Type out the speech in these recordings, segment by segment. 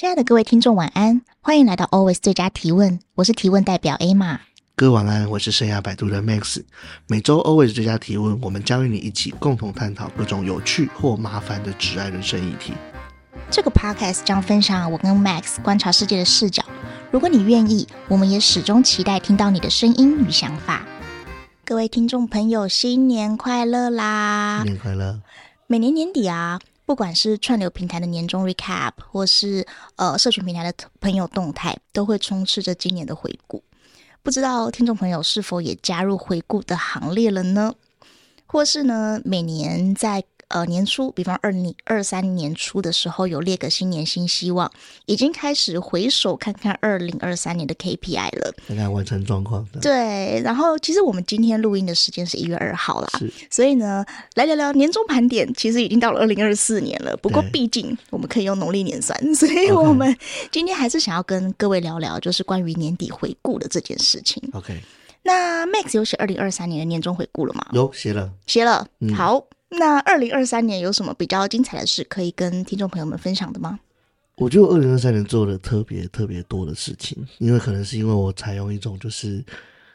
親愛的各位聽眾，晚安！歡迎來到 Always 最佳提問，我是提問代表 Emma。各位晚安，我是生涯百度的 Max。每周 Always 最佳提問，我們將與你一起共同探討各種有趣或麻煩的摯愛人生議題。這個 podcast 將分享我跟 Max 觀察世界的視角。如果你願意，我們也始終期待聽到你的聲音與想法。各位聽眾朋友，新年快樂啦！新年快樂！每年年底啊。不管是串流平台的年終 recap，或是呃社群平台的朋友動態，都會充斥着今年的回顧。不知道聽眾朋友是否也加入回顧的行列了呢？或是呢，每年在呃，年初，比方二零二三年初的時候，有列個新年新希望，已經開始回首看看二零二三年的 KPI 了，看看完成狀況，對，對，然後其實我們今天錄音的時間是一月二號了，是，所以呢，來聊聊年終盤點，其實已經到了二零二四年了。不過畢竟我們可以用農曆年算，對所以我們今天還是想要跟各位聊聊，就是關於年底回顧的這件事情。OK，那 Max 有寫二零二三年的年終回顧了嗎？有寫了，寫了。寫了嗯，好。那二零二三年有什麼比較精彩的事，可以跟聽眾朋友們分享的嗎？我覺得二零二三年做了特別特別多的事情，因為可能是因為我採用一種就是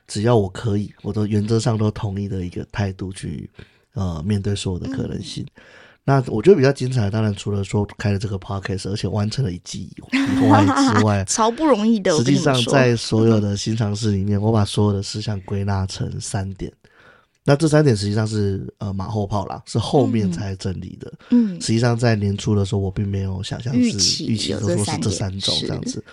只要我可以，我都原則上都同意的一個態度去呃面對所有的可能性。嗯、那我覺得比較精彩的，當然除了說開了這個 podcast，而且完成了一季以外之外， 超不容易的。實際上，在所有的新嘗試裡面， 我把所有的事項歸納成三點。那這三點實際上是呃馬後炮啦，是後面才整理的。嗯，嗯實際上在年初的時候，我並沒有想象是預期都說是這三種這樣子。是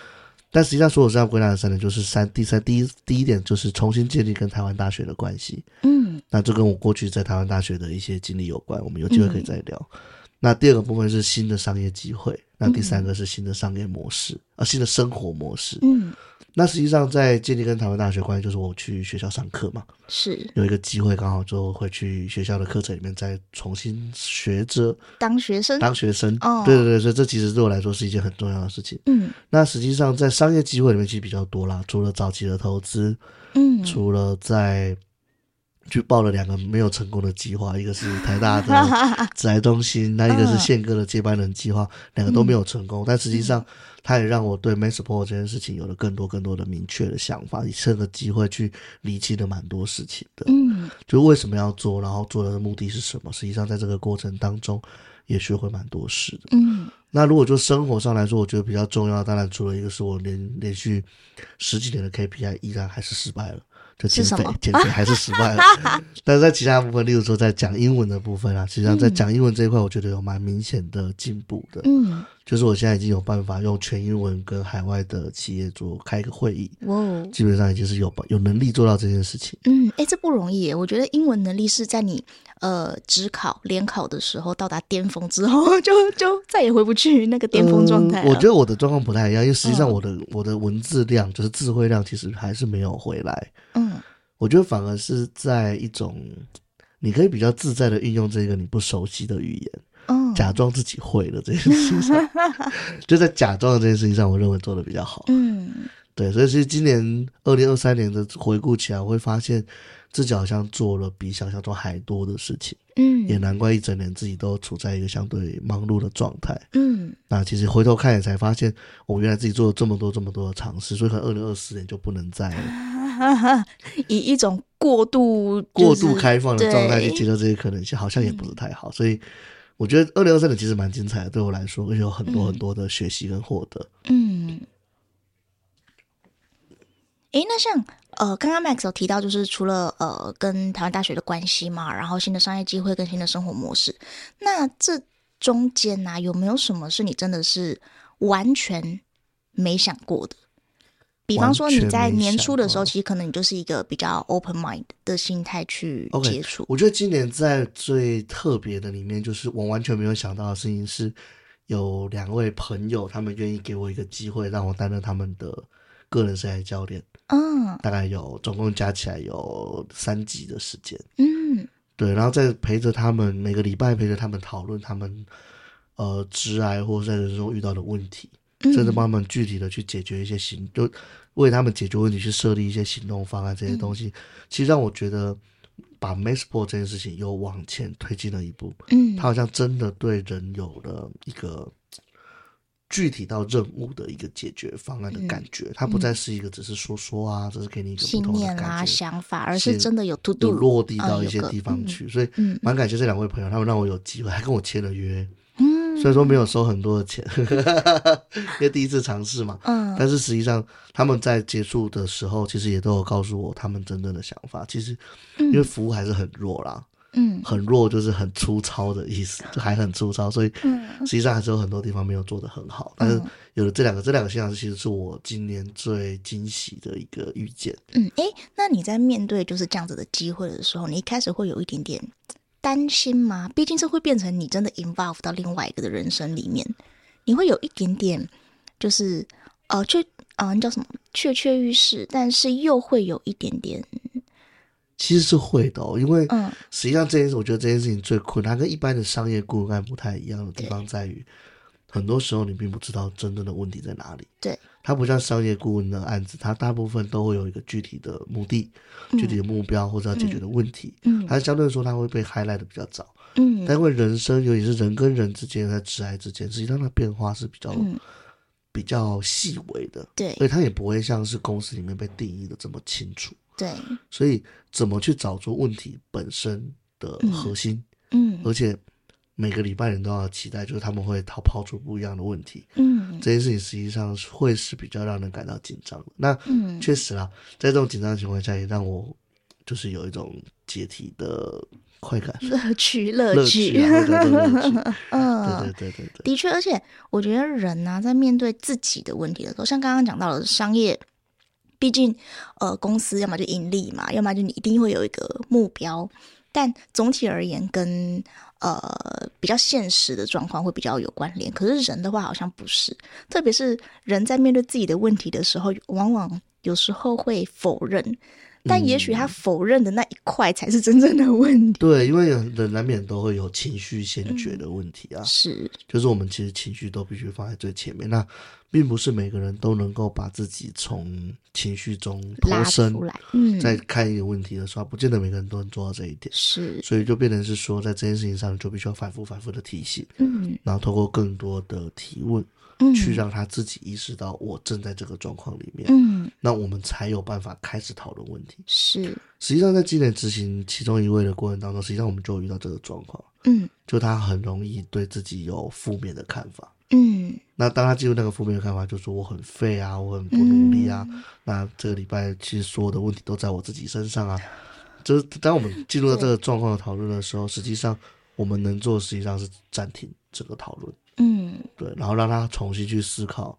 但實際上，所有這樣歸納的三點，就是三第三第一第一點就是重新建立跟台灣大學的關係。嗯，那這跟我過去在台灣大學的一些經歷有關，我們有機會可以再聊。嗯、那第二個部分是新的商業機會，嗯、那第三個是新的商業模式，呃，新的生活模式。嗯。那實際上，在建立跟台灣大學關係，就是我去學校上課嘛，是有一個機會，剛好就會去學校的課程裡面再重新學着當學生，當學生，哦，對對對，所以這其實對我來說是一件很重要的事情。嗯，那實際上在商業機會裡面其實比較多啦，除了早期的投資，嗯，除了在。去報了兩個沒有成功的計劃，一個是台大的宅中心， 那一個是憲哥的接班人計劃，兩個都沒有成功。嗯、但實際上，他、嗯、也讓我對 mentor 這件事情有了更多更多的明確的想法。也趁個機會去理清了蠻多事情的。嗯，就為什麼要做，然後做的目的是什麼？實際上，在這個過程當中，也學會蠻多事的。嗯，那如果就生活上來說，我覺得比較重要，當然除了一個是我連連續十幾年的 K P I 依然還是失敗了。就減肥，簡直還是失敗了。 但是在其他部分，例如說在講英文的部分啊，實際上在講英文這一塊，我覺得有蠻明顯的進步的。嗯。嗯就是我現在已經有辦法用全英文跟海外的企業做開一個會議，哇、哦，基本上已經是有有能力做到這件事情。嗯，哎，這不容易耶，我覺得英文能力是在你呃指考、聯考的時候到達巔峰之後，就就再也回不去那個巔峰狀態，啊嗯。我覺得我的狀況不太一樣，因為實際上我的、嗯、我的文字量就是詞彙量，其實還是沒有回來。嗯，我覺得反而是在一種你可以比較自在的運用這個你不熟悉的語言。假裝自己會 的這件事情，就在假裝這件事情上，我認為做的比較好。嗯，對，所以其實今年二零二三年的回顧起來，我會發現自己好像做了比想象中還多的事情。嗯，也難怪一整年自己都處在一個相對忙碌的狀態。嗯，那其實回頭看也才發現，我原來自己做了這麼多這麼多的嘗試，所以可能二零二四年就不能再了、啊、以一種過度、就是、過度開放的狀態去接受這些可能性，好像也不是太好。嗯、所以。我覺得二零二三年其實蠻精彩的，對我來說，而且有很多很多的學習跟獲得。嗯。嗯，誒，那像呃，剛剛 Max 有提到，就是除了呃跟台灣大學的關係嘛，然後新的商業機會跟新的生活模式，那這中間吶、啊，有沒有什麼是你真的是完全沒想過的？比方說你在年初的時候，其實可能你就是一個比較 open mind 的心態去接觸。Okay, 我覺得今年在最特別的裡面，就是我完全沒有想到的事情，是有兩位朋友他們願意給我一個機會，讓我擔任他們的個人生涯教練。嗯，大概有總共加起來有三集的時間。嗯，對，然後再陪着他們每個禮拜陪着他們討論他們呃，職涯或在人生中遇到的問題。真的幫他們具體的去解決一些行，嗯、就為他們解決問題，去設立一些行動方案這些東西，嗯、其實讓我覺得把 Maxupport 這件事情又往前推進了一步。嗯，他好像真的對人有了一個具體到任務的一個解決方案的感覺，他、嗯、不再是一個只是說說啊，嗯、只是給你一個不同的感信念啊寫想法，而是真的有有落地到一些地方去。嗯嗯、所以，蠻感謝這兩位朋友，他們讓我有機會還跟我簽了約。所以說沒有收很多的錢，因為第一次嘗試嘛。嗯。但是實際上，他們在結束的時候，其實也都有告訴我他們真正的想法。其實，因為服務還是很弱啦。嗯。很弱就是很粗糙的意思，還很粗糙，所以實際上還是有很多地方沒有做得很好。但是有了這兩個，這兩個現象其實是我今年最驚喜的一個遇見嗯。嗯，誒、嗯，欸，那你在面對就是這樣子的機會的時候，你一開始會有一點點。擔心嗎？畢竟這會變成你真的 involve 到另外一個的人生裡面，你會有一點點，就是呃，確啊，呃、你叫什麼？躍躍欲試，但是又會有一點點。其實是會的、哦，因為嗯，實際上這件事，嗯、我覺得這件事情最困難，跟一般的商業顧問案不太一樣的地方在於，對很多時候你並不知道真正的問題在哪裡。對。它不像商業顧問的案子，它大部分都會有一個具體的目的、嗯、具體的目標或者要解決的問題。它、嗯嗯、相對來說它會被 highlight 的比較早。嗯，但因為人生尤其是人跟人之間在職涯之間，實際上它變化是比較、嗯、比較細微的。對，所以它也不會像是公司裡面被定義的這麼清楚。對，所以怎麼去找出問題本身的核心？嗯，嗯而且。每個禮拜人都要期待，就是他們會拋出不一樣的問題，嗯，這件事情實際上會是比較讓人感到緊張。那嗯，確實啊，在這種緊張的情況下，也讓我就是有一種解題的快感，樂趣，樂趣，樂趣，樂趣，嗯趣， 對對對對，對，的確，而且我覺得人呢、啊，在面對自己的問題的時候，像剛剛講到了商業，畢竟呃，公司要麼就盈利嘛，要麼就你一定會有一個目標。但總體而言跟，跟呃比較現實的狀況會比較有關聯。可是人的話，好像不是，特別是人在面對自己的問題的時候，往往有時候會否認。但也許他否認的那一塊才是真正的問題。嗯、對，因為人難免都會有情緒先決的問題啊。嗯、是，就是我們其實情緒都必須放在最前面。那並不是每個人都能夠把自己從情緒中脫身拉出來，嗯、在看一個問題的時候，不見得每個人都能做到這一點。是，所以就變成是說，在這件事情上，就必須要反覆反覆的提醒，嗯，然後通過更多的提問。去讓他自己意識到我正在這個狀況裡面，嗯，那我們才有辦法開始討論問題。是，實際上在今年執行其中一位的過程當中，實際上我們就遇到這個狀況，嗯，就他很容易對自己有負面的看法，嗯，那當他進入那個負面的看法，就說我很廢啊，我很不努力啊，嗯、那這個禮拜其實所有的問題都在我自己身上啊。就是當我們進入到這個狀況的討論的時候，對實際上我們能做的實際上是暫停這個討論。嗯，對，然後讓他重新去思考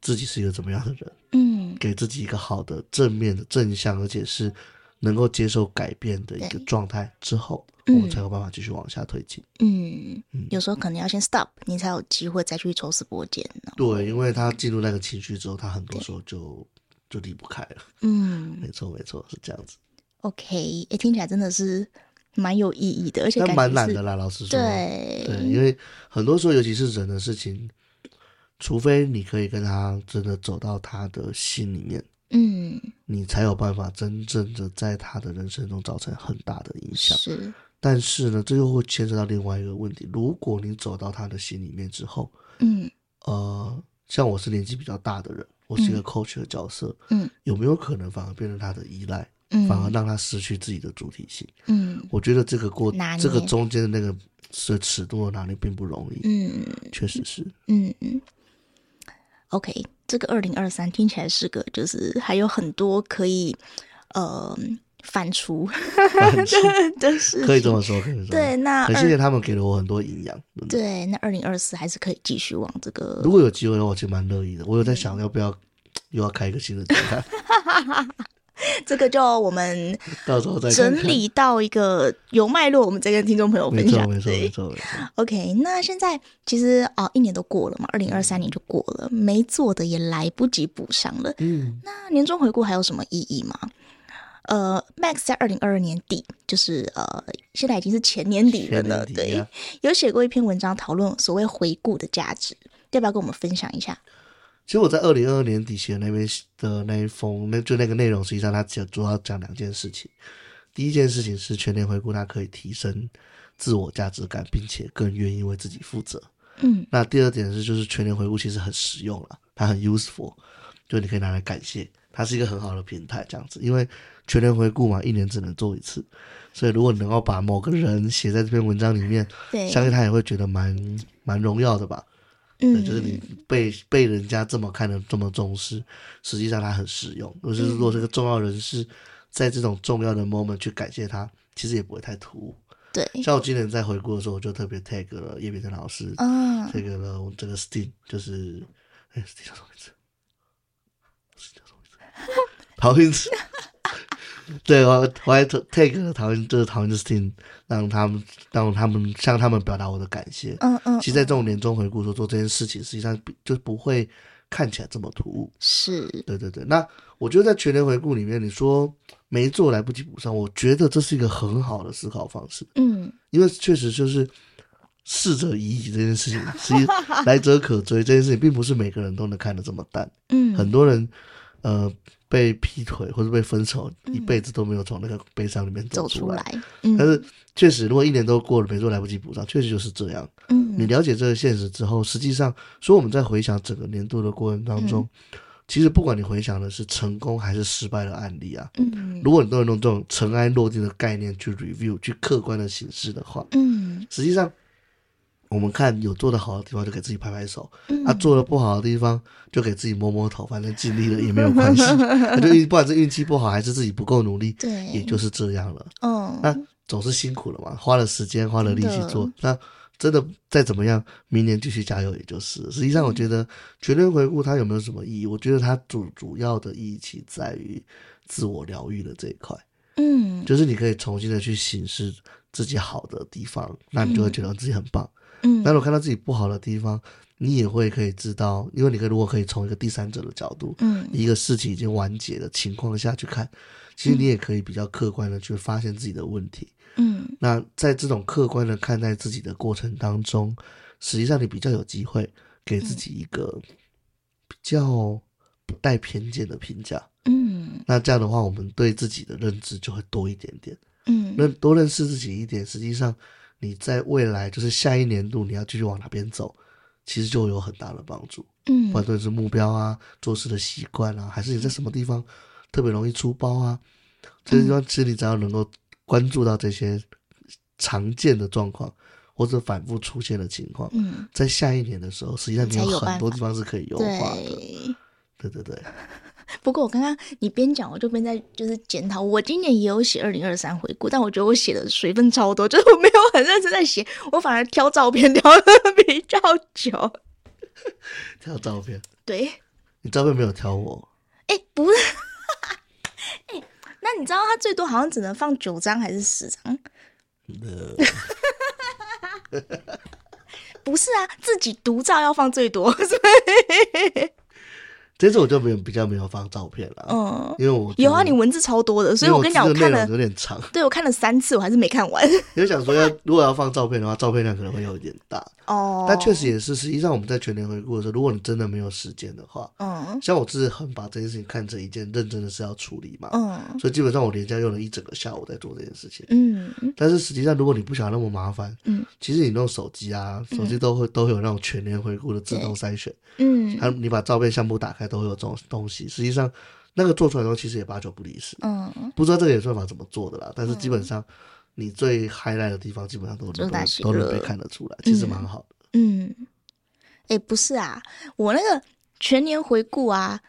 自己是一個怎麼樣的人，嗯，給自己一個好的正面的正向，而且是能夠接受改變的一個狀態之後，嗯，我們才有辦法繼續往下推進。嗯，嗯，有時候可能要先 stop，嗯，你才有機會再去抽絲剝繭呢。對，因為他進入那個情緒之後，他很多時候就對就離不開了。嗯，沒錯沒錯，是這樣子。OK，哎，聽起來真的是。蠻有意義的，而且蠻難的啦，老實說啊。對對，因為很多時候，尤其是人的事情，除非你可以跟他真的走到他的心裡面，嗯，你才有辦法真正的在他的人生中造成很大的影響。是。但是呢，這又會牽扯到另外一個問題：如果你走到他的心裡面之後，嗯呃，像我是年紀比較大的人，我是一個 coach 的角色，嗯，嗯有沒有可能反而變成他的依賴？反而讓他失去自己的主體性。嗯，我覺得這個過捏這個中間的那個是尺度的拿捏並不容易。嗯，確實是。嗯嗯。OK，這個二零二三聽起來是個就是還有很多可以呃反芻，可以這麼說， 對，那很謝謝他們給了我很多營養。對，那二零二四還是可以繼續往這個，如果有機會的話，我其實蠻樂意的。我有在想要不要又要開一個新的哈哈。 這個就我們整理到一個有脈絡，我們再跟聽眾朋友分享沒。沒錯，沒錯，沒錯。OK，那現在其實啊，一年都過了嘛，二零二三年就過了，沒做的也來不及補上了。嗯，那年終回顧還有什麼意義嗎？呃，Max 在二零二二年底，就是呃，現在已經是前年底了呢。前年底、啊、對，有寫過一篇文章討論所謂回顧的價值，要不要跟我們分享一下？其實我在二零二二年底寫的那篇的那一封，那就那個內容，實際上他主要講兩件事情。第一件事情是全年回顧，它可以提升自我價值感，並且更願意為自己負責。嗯，那第二點是，就是全年回顧其實很實用了，它很 useful，就你可以拿來感謝，它是一個很好的平台，這樣子。因為全年回顧嘛，一年只能做一次，所以如果你能夠把某個人寫在這篇文章裡面，對相信他也會覺得蠻蠻榮耀的吧。嗯，就是你被被人家這麼看的這麼重視，實際上他很實用。就是、嗯、如果這個重要人士在這種重要的 moment 去感謝他，其實也不會太突兀。對，像我今年在回顧的時候，我就特別 tag 了葉秉成老師，啊 tag 了我這個 Steve 就是哎，Steve 找我一次 Steve 好運氣。 對，我我還 take 厭就是討論這事情，讓他們，讓他們向他們表達我的感謝。嗯嗯。嗯，其實，在這種年終回顧說做這件事情，實際上就不不會看起來這麼突兀。是。對對對。那我覺得在全年回顧裡面，你說沒做來不及補上，我覺得這是一個很好的思考方式。嗯。因為確實就是逝者已矣這件事情，其實來者可追 這件事情，並不是每個人都能看得這麼淡。嗯。很多人，呃。被劈腿或者被分手，嗯、一輩子都沒有從那個悲傷裡面走出來。出來，嗯、但是確實，如果一年都過了，沒做來不及補上，確實就是這樣。嗯，你了解這個現實之後，實際上，所以我們在回想整個年度的過程當中，嗯、其實不管你回想的是成功還是失敗的案例啊，嗯，如果你都能用這種塵埃落定的概念去 review，去客觀的形式的話，嗯，實際上。我們看有做的好的地方就給自己拍拍手。嗯、啊，做的不好的地方就給自己摸摸頭，反正盡力了也沒有關係。那 就不管是運氣不好還是自己不夠努力，對，也就是這樣了。哦。那總是辛苦了嘛，花了時間花了力氣做，真的那真的再怎麼樣，明年繼續加油，也就是。實際上，我覺得、嗯、絕對回顧它有沒有什麼意義？我覺得它主主要的意義其實在於自我療癒的這一塊。嗯，就是你可以重新的去審視自己好的地方，那你就會覺得自己很棒。嗯嗯，那我看到自己不好的地方，你也會可以知道，因為你可以如果可以從一個第三者的角度，嗯，一個事情已經完結的情況下去看，嗯，其實你也可以比較客觀的去發現自己的問題，嗯，那在這種客觀的看待自己的過程當中，實際上你比較有機會給自己一個比較不帶偏見的評價，嗯，那這樣的話，我們對自己的認知就會多一點點，嗯，那多認識自己一點，實際上。你在未來就是下一年度你要繼續往哪邊走，其實就有很大的幫助。嗯，不管是目標啊、做事的習慣啊，還是你在什麼地方特別容易出包啊，嗯、這些地方其實你只要能夠關注到這些常見的狀況或者反復出現的情況，嗯，在下一年的時候，實際上你有很多地方是可以優化的。對，對對對。不過我剛剛你邊講我就邊在就是檢討，我今年也有寫二零二三回顧，但我覺得我寫的水分超多，就是我沒有很認真在寫，我反而挑照片挑得比較久。挑照片？對。你照片沒有挑我？哎，欸，不是。哎、 欸，那你知道他最多好像只能放九張還是十張？嗯、 不是啊，自己獨照要放最多。是這次我就沒比較沒有放照片了，嗯，因為我有啊，你文字超多的，所以我跟你講，看了有點長，對，我看了三次，我還是沒看完。有想說要，如果要放照片的話，照片量可能會有一點大哦。但確實也是，實際上我們在全年回顧的時候，如果你真的沒有時間的話，嗯，像我自己很把這件事情看成一件認真的事要處理嘛，嗯，所以基本上我連家用了一整個下午在做這件事情，嗯，但是實際上如果你不想那麼麻煩，嗯，其實你弄手機啊，手機都會都會有那種全年回顧的自動篩選，嗯，還有你把照片相簿打開。都有這種東西，實際上那個做出來的東西，其實也八九不離十。嗯，不知道這個也算法怎麼做的啦，嗯、但是基本上你最嗨賴的地方，基本上都能都能被看得出來，嗯、其實蠻好的。嗯，哎、欸，不是啊，我那個全年回顧啊，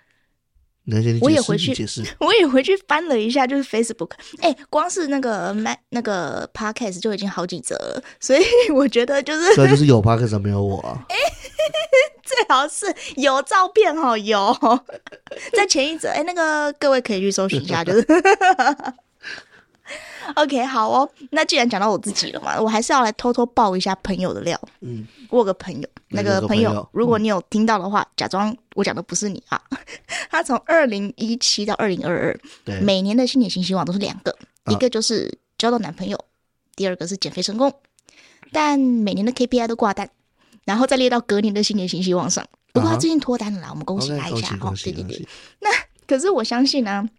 我也回去，解釋，我也回去翻了一下，就是 Facebook，哎、欸，光是那個 Max 那個 Podcast 就已經好幾則，了，所以我覺得就是，這、啊、就是有 Podcast 沒有我。啊。欸 最好是有照片好，哦，有 在前一陣，哎、欸，那個各位可以去搜尋一下，就是 OK，好哦。那既然講到我自己了嘛，我還是要來偷偷爆一下朋友的料。嗯，我有個朋友，嗯、那個朋友，朋友如果你有聽到的話，嗯、假裝我講的不是你啊。他從二零一七到二零二二，每年的新年新希望都是兩個，啊、一個就是交到男朋友，第二個是減肥成功，但每年的 KPI 都掛蛋。然後再列到隔年的新年新希望上，不過、uh huh. 他最近脫單了啦，我們恭喜他一下 okay, 哦。喜對對對，喜那可是我相信呢、啊，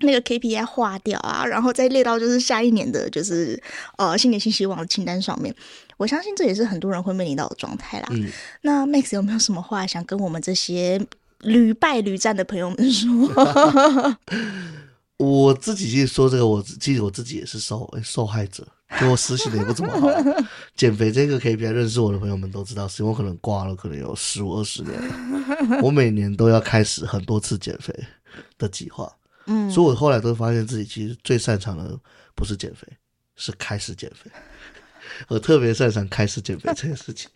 那個 KPI 劃掉啊，然後再列到就是下一年的，就是呃新年新希望的清單上面，我相信這也是很多人會面臨到的狀態啦。嗯、那 Max 有沒有什麼話想跟我們這些屢敗屢戰的朋友們說？ 我自己去說這個，我其實我自己也是受、哎、受害者，我實習的也不怎麼好、啊。 減肥這個 KPI，認識我的朋友們都知道，所以我可能掛了，可能有十五二十年了。我每年都要開始很多次減肥的計劃，嗯、所以我後來都發現自己其實最擅長的不是減肥，是開始減肥。 我特別擅長開始減肥這件事情，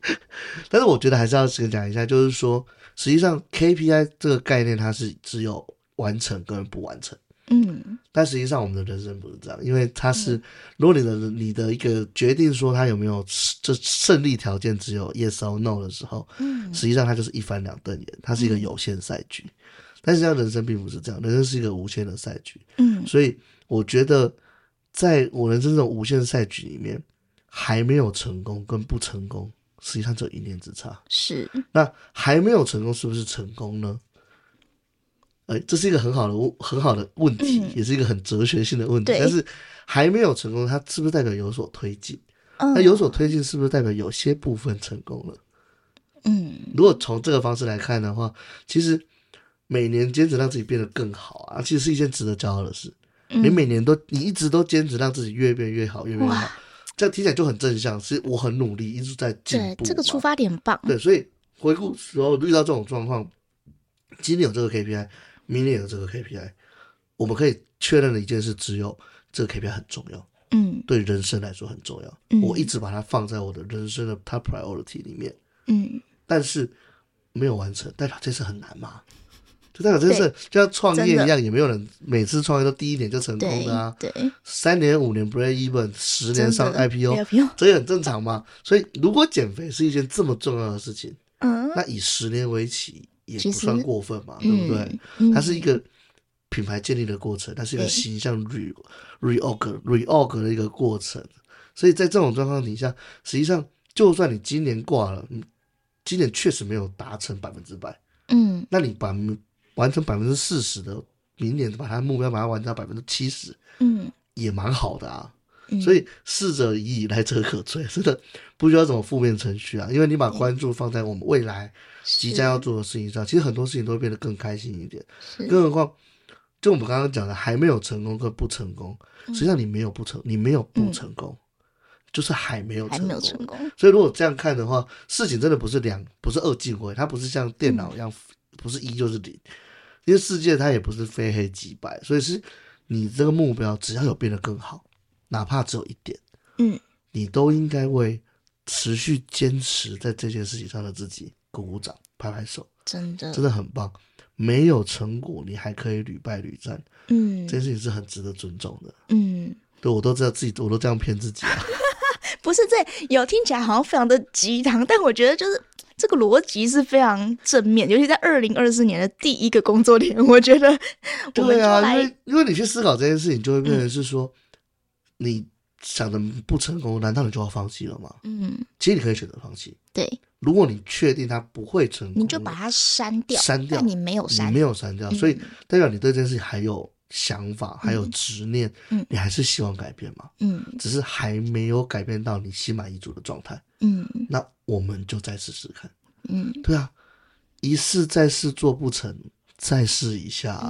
但是我覺得還是要先講一下，就是說，實際上 KPI 這個概念，它是只有完成跟不完成，嗯，但實際上我們的人生不是這樣，因為它是，嗯、如果你的你的一個決定說他有沒有這勝利條件只有 yes or no 的時候，嗯，實際上它就是一翻兩瞪眼，它是一個有限賽局，嗯、但實際上人生並不是這樣，人生是一個無限的賽局，嗯，所以我覺得在我人生這種無限賽局裡面，還沒有成功跟不成功，實際上只有一念之差，是，那還沒有成功是不是成功呢？哎，這是一個很好的，很好的問題，嗯、也是一個很哲學性的問題。對但是還沒有成功，它是不是代表有所推進？那、嗯、有所推進，是不是代表有些部分成功了？嗯，如果從這個方式來看的話，其實每年堅持讓自己變得更好啊，其實是一件值得驕傲的事。嗯、你每年都，你一直都堅持讓自己越變越好，越變越好，哇這樣聽起來就很正向。是我很努力，一直在進步對。這個出發點很棒。對，所以回顧時候遇到這種狀況，今天有這個 KPI。明年有這個 KPI，我們可以確認的一件事，只有這個 KPI 很重要。嗯，對人生來說很重要。我一直把它放在我的人生的 top priority 裡面。嗯，但是沒有完成，代表這事很難嘛？就代表這事就像創業一樣，也沒有人每次創業都第一年就成功的啊。對，三年五年 break even，十年上 IPO，這也很正常嘛。所以，如果減肥是一件這麼重要的事情，嗯，那以十年為期。也不算過分嘛，其實，對不對？嗯嗯、它是一個品牌建立的過程，嗯、它是一個形象 re reorg reorg 的一個過程，所以在這種狀況底下，實際上就算你今年掛了，今年確實沒有達成百分之百，嗯，那你把完成百分之四十的，明年把它目標把它完成到百分之七十，嗯，也蠻好的啊。所以逝者已矣，來者可追，真的不需要什麼負面情緒啊。因為你把關注放在我們未來即將要做的事情上，是其實很多事情都會變得更開心一點。是更何況，就我們剛剛講的，還沒有成功跟不成功，實際上你沒有不成，嗯、你沒有不成功，嗯、就是還沒有成功還沒有成功。所以如果這樣看的話，事情真的不是兩，不是二進位，它不是像電腦一樣，嗯、不是一就是零。因為世界它也不是非黑即白，所以是你這個目標只要有變得更好，哪怕只有一點，嗯，你都應該為持續堅持在這件事情上的自己鼓鼓掌、拍拍手，真的真的很棒。沒有成果，你還可以屢敗屢戰，嗯，這件事情是很值得尊重的，嗯，對，我都知道自己，我都這樣騙自己、啊。 不是這有聽起來好像非常的雞湯，但我覺得就是這個邏輯是非常正面，尤其在二零二四年的第一個工作天，我覺得我對啊，因為因為你去思考這件事情，就會變成是說。嗯你想的不成功，難道你就要放棄了嗎？嗯，其實你可以選擇放棄。對，如果你確定它不會成功，你就把它刪掉。刪掉，你沒有刪掉。沒有刪掉，所以代表你對這件事還有想法，還有執念，嗯，你還是希望改變嘛，嗯，只是還沒有改變到你心滿意足的狀態，嗯，那我們就再試試看，嗯，對啊，一試再試做不成。再試一下，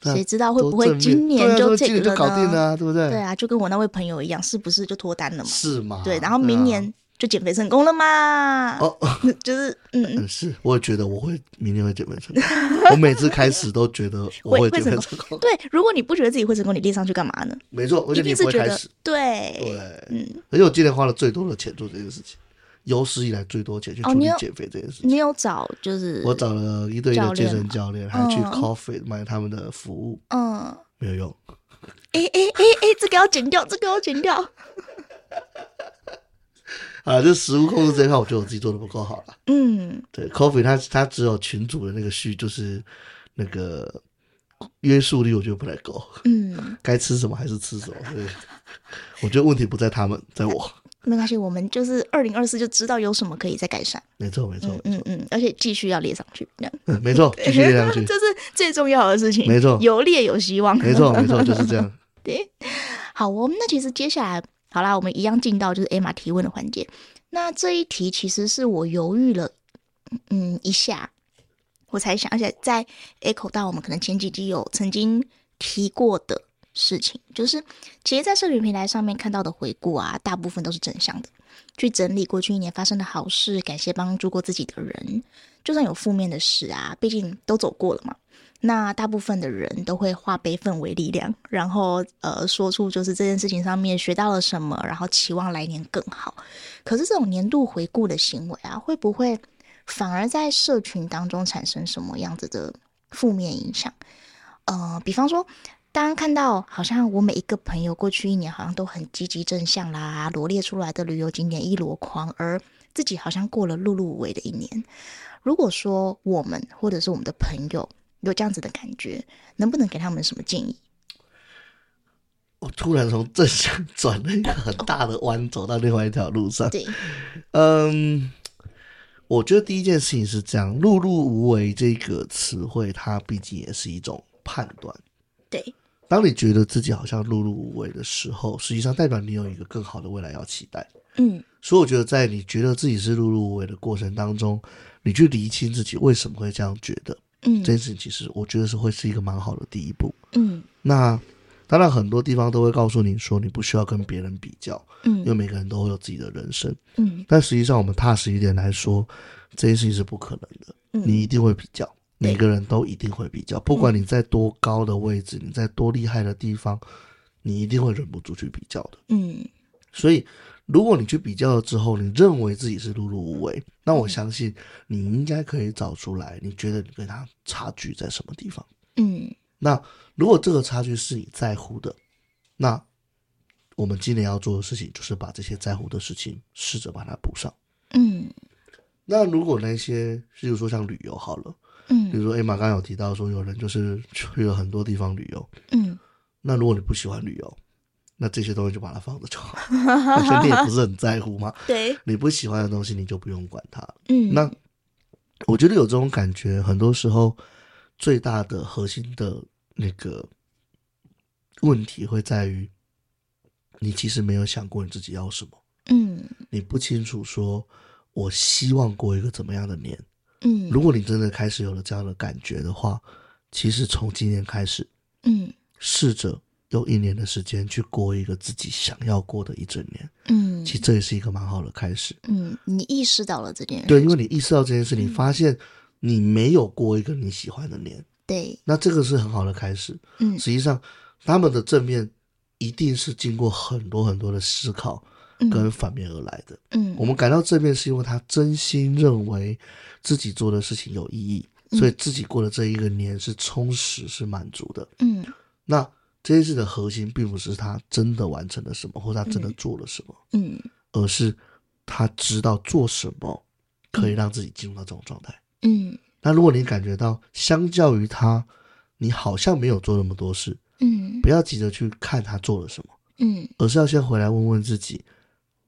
誰知道會不會今年就這個就搞定了，對不對？對啊，就跟我那位朋友一樣，是不是就脫單了嘛？是嗎？對，然後明年就減肥成功了嘛？哦，就是嗯，是我也覺得我會明年會減肥成功。我每次開始都覺得我會減肥成功。對，如果你不覺得自己會成功，你列上去幹嘛呢？沒錯，就第一次開始，對對，嗯。而且我今年花了最多的錢做這件事情。有史以來最多錢去處理減肥這件事情。哦，你，你有找就是、啊、我找了一對一的健身教練，還去 Coffee 買他們的服務，嗯，沒有用。哎哎哎哎，這個要剪掉， 這個要剪掉。啊， 就食物控制這一塊，我覺得我自己做的不夠好了。嗯，對，Coffee 它它只有群組的那個序，就是那個約束力，我覺得不太夠。嗯，該吃什麼還是吃什麼。對， 我覺得問題不在他們，在我。沒關係，我們就是二零二四就知道有什麼可以再改善。沒錯，沒錯，嗯，嗯嗯，而且繼續要列上去。樣，沒錯，繼續列上去，這 是最重要的事情。沒錯，有列有希望。 沒錯，沒錯，就是這樣。對，好哦，我們那其實接下來，好啦，我們一樣進到就是 Emma 提問的環節。那這一題其實是我猶豫了，嗯一下，我才想，而且在 Echo 到我們可能前幾集有曾經提過的。事情就是，其實，在社群平台上面看到的回顧啊，大部分都是正向的。去整理過去一年發生的好事，感謝幫助過自己的人。就算有負面的事啊，畢竟都走過了嘛。那大部分的人都會化悲憤為力量，然後呃，說出就是這件事情上面學到了什麼，然後期望來年更好。可是，這種年度回顧的行為啊，會不會反而在社群當中產生什麼樣子的負面影響？呃，比方說。當看到好像我每一個朋友過去一年好像都很積極正向啦，羅列出來的旅遊景點一籮筐，而自己好像過了碌碌無為的一年。如果說我們或者是我們的朋友有這樣子的感覺，能不能給他們什麼建議？我突然從正向轉了一個很大的彎，走到另外一條路上。哦，對，嗯，我覺得第一件事情是這樣，碌碌無為這個詞彙，它畢竟也是一種判斷，對。當你覺得自己好像碌碌無為的時候，實際上代表你有一個更好的未來要期待。嗯，所以我覺得在你覺得自己是碌碌無為的過程當中，你去釐清自己為什麼會這樣覺得，嗯，這件事情其實我覺得是會是一個蠻好的第一步。嗯，那當然很多地方都會告訴你說你不需要跟別人比較，嗯，因為每個人都會有自己的人生，嗯，但實際上我們踏實一點來說，這件事情是不可能的，嗯，你一定會比較。每個人都一定會比較，不管你在多高的位置，嗯、你在多厲害的地方，你一定會忍不住去比較的。嗯，所以如果你去比較了之後，你認為自己是碌碌無為，那我相信你應該可以找出來，你覺得你跟他差距在什麼地方？嗯，那如果這個差距是你在乎的，那我們今年要做的事情就是把這些在乎的事情試着把它補上。嗯，那如果那些比如說像旅遊好了。嗯，比如說，哎，Emma 剛剛有提到說，有人就是去了很多地方旅遊。嗯，那如果你不喜歡旅遊，那這些東西就把它放着就好。哈哈哈哈 而且你也不是很在乎嘛，對，你不喜歡的東西你就不用管它。嗯，那我覺得有這種感覺，很多時候最大的核心的那個問題會在於，你其實沒有想過你自己要什麼。嗯，你不清楚說我希望過一個怎麼樣的年。嗯，如果你真的開始有了這樣的感覺的話，其實從今年開始，嗯，試着用一年的時間去過一個自己想要過的一整年，嗯，其實這也是一個蠻好的開始，嗯，你意識到了這件事，對，因為你意識到這件事，嗯，你發現你沒有過一個你喜歡的年，對，那這個是很好的開始，嗯，實際上他們的正面一定是經過很多很多的思考。跟反面而來的，嗯，我們感到這邊是因為他真心認為自己做的事情有意義，嗯、所以自己過的這一個年是充實是滿足的，嗯，那這件事的核心並不是他真的完成了什麼，或者他真的做了什麼，嗯，嗯而是他知道做什麼可以讓自己進入到這種狀態，嗯，那如果你感覺到相較於他，你好像沒有做那麼多事，嗯，不要急着去看他做了什麼，嗯，而是要先回來問問自己。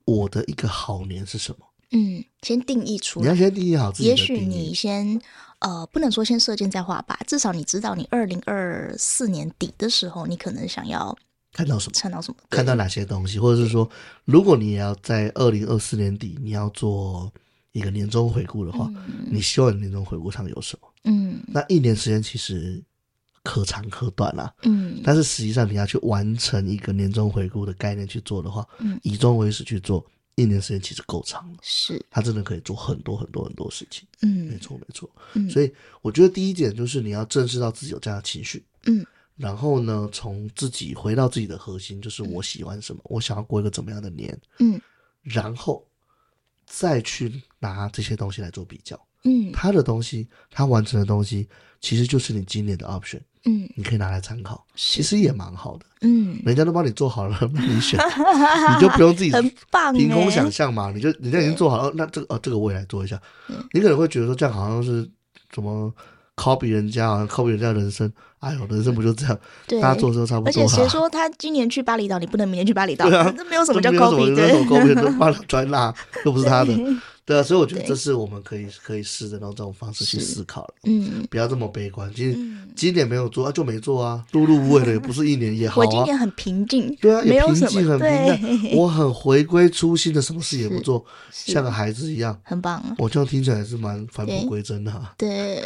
我的一個好年是什麼？嗯，先定義出來。你要先定義好自己的。也許你先，呃，不能說先射箭再畫吧。至少你知道，你二零二四年底的時候，你可能想要看到什麼？看到什麼？看到哪些東西？對或者是說，如果你要在二零二四年底對你要做一個年終回顧的話，嗯、你希望的年終回顧上有什麼？嗯，那一年時間其實。可長可短啦、啊，嗯，但是實際上你要去完成一個年終回顧的概念去做的話，嗯，以終為始去做一年時間其實夠長了，是，他真的可以做很多很多很多事情，嗯沒，沒錯沒錯，嗯、所以我覺得第一點就是你要正視到自己有這樣的情緒，嗯，然後呢，從自己回到自己的核心，就是我喜歡什麼，嗯、我想要過一個怎麼樣的年，嗯，然後再去拿這些東西來做比較，嗯，他的東西，他完成的東西。其實就是你今年的 option，嗯，你可以拿來參考，是其實也蠻好的，嗯，人家都幫你做好了， 你選， 你就不用自己憑、 很棒欸、空想象嘛，你就人家已經做好了，對哦、那這個哦，這個我也來做一下，嗯、你可能會覺得說這樣好像是什麼。copy 人家啊，copy 人家人生，哎呦，人生不就這樣？大家做時都差不多。而且誰說他今年去巴厘島，你不能明年去巴厘島？這沒有什麼叫 copy。這種 copy 又不是他的。對啊，所以我覺得這是我們可以可以試着用這種方式去思考。嗯，不要這麼悲觀。今今年沒有做，就沒做啊，碌碌無為的也不是一年也好啊。我今年很平靜，對啊，也平靜，很平靜，我很回歸初心的，什麼事也不做，像個孩子一樣。很棒。我這樣聽起來是蠻返璞歸真的。哈。對。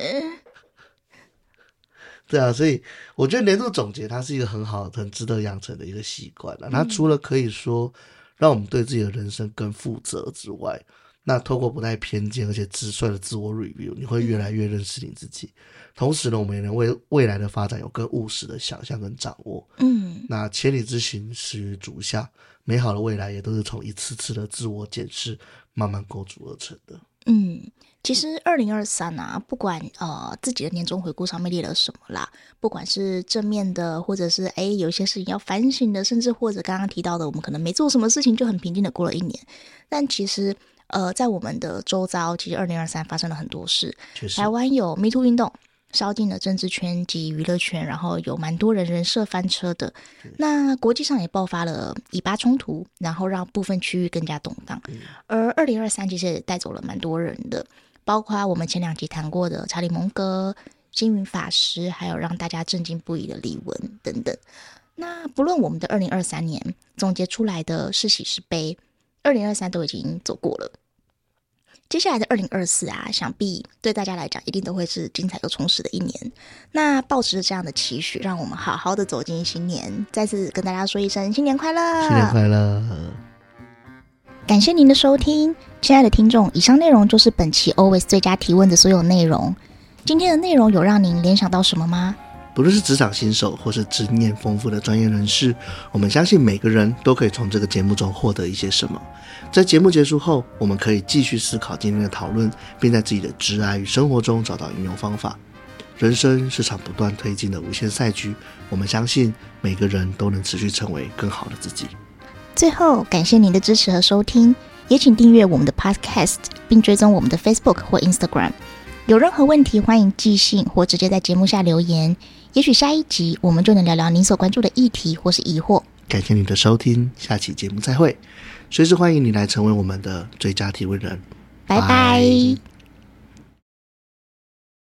對啊，所以我覺得年度總結它是一個很好的、很值得養成的一個習慣了。嗯、它除了可以說讓我們對自己的人生更負責之外，那透過不帶偏見而且直率的自我 review，你會越來越認識你自己。嗯、同時呢，我們也能為未來的發展有更務實的想象跟掌握。嗯，那千里之行始於足下，美好的未來也都是從一次次的自我檢視慢慢構築而成的。嗯。其實，二零二三啊，不管呃自己的年終回顧上面列了什麼啦，不管是正面的，或者是哎有些事情要反省的，甚至或者剛剛提到的，我們可能沒做什麼事情就很平靜的過了一年。但其實，呃，在我們的周遭，其實二零二三發生了很多事。確實，台灣有 MeToo 運動燒進了政治圈及娛樂圈，然後有蠻多人人設翻車的。是那國際上也爆發了以巴衝突，然後讓部分區域更加動盪。而二零二三其實也帶走了蠻多人的。包括我們前兩集談過的查理蒙格、星雲法師，還有讓大家震驚不已的李玟等等。那不論我們的二零二三年總結出來的是喜是悲，二零二三都已經走過了。接下來的二零二四啊，想必對大家來講一定都會是精彩又充實的一年。那抱持這樣的期許，讓我們好好的走進新年，再次跟大家說一聲新年快樂！新年快樂！嗯、感謝您的收聽。親愛的聽眾，以上內容就是本期 Always 最佳提問的所有內容。今天的內容有讓您聯想到什麼嗎？不論是職場新手，或是經驗豐富的專業人士，我們相信每個人都可以從這個節目中獲得一些什麼。在節目結束後，我們可以繼續思考今天的討論，並在自己的職涯與生活中找到應用方法。人生是場不斷推進的無限賽局，我們相信每個人都能持續成為更好的自己。最後，感謝您的支持和收聽。也請訂閱我們的 Podcast，並追蹤我們的 Facebook 或 Instagram。有任何問題，歡迎寄信或直接在節目下留言。也許下一集我們就能聊聊您所關注的議題或是疑惑。感謝您的收聽，下期節目再會。隨時歡迎你來成為我們的最佳提問人。Bye bye 拜拜。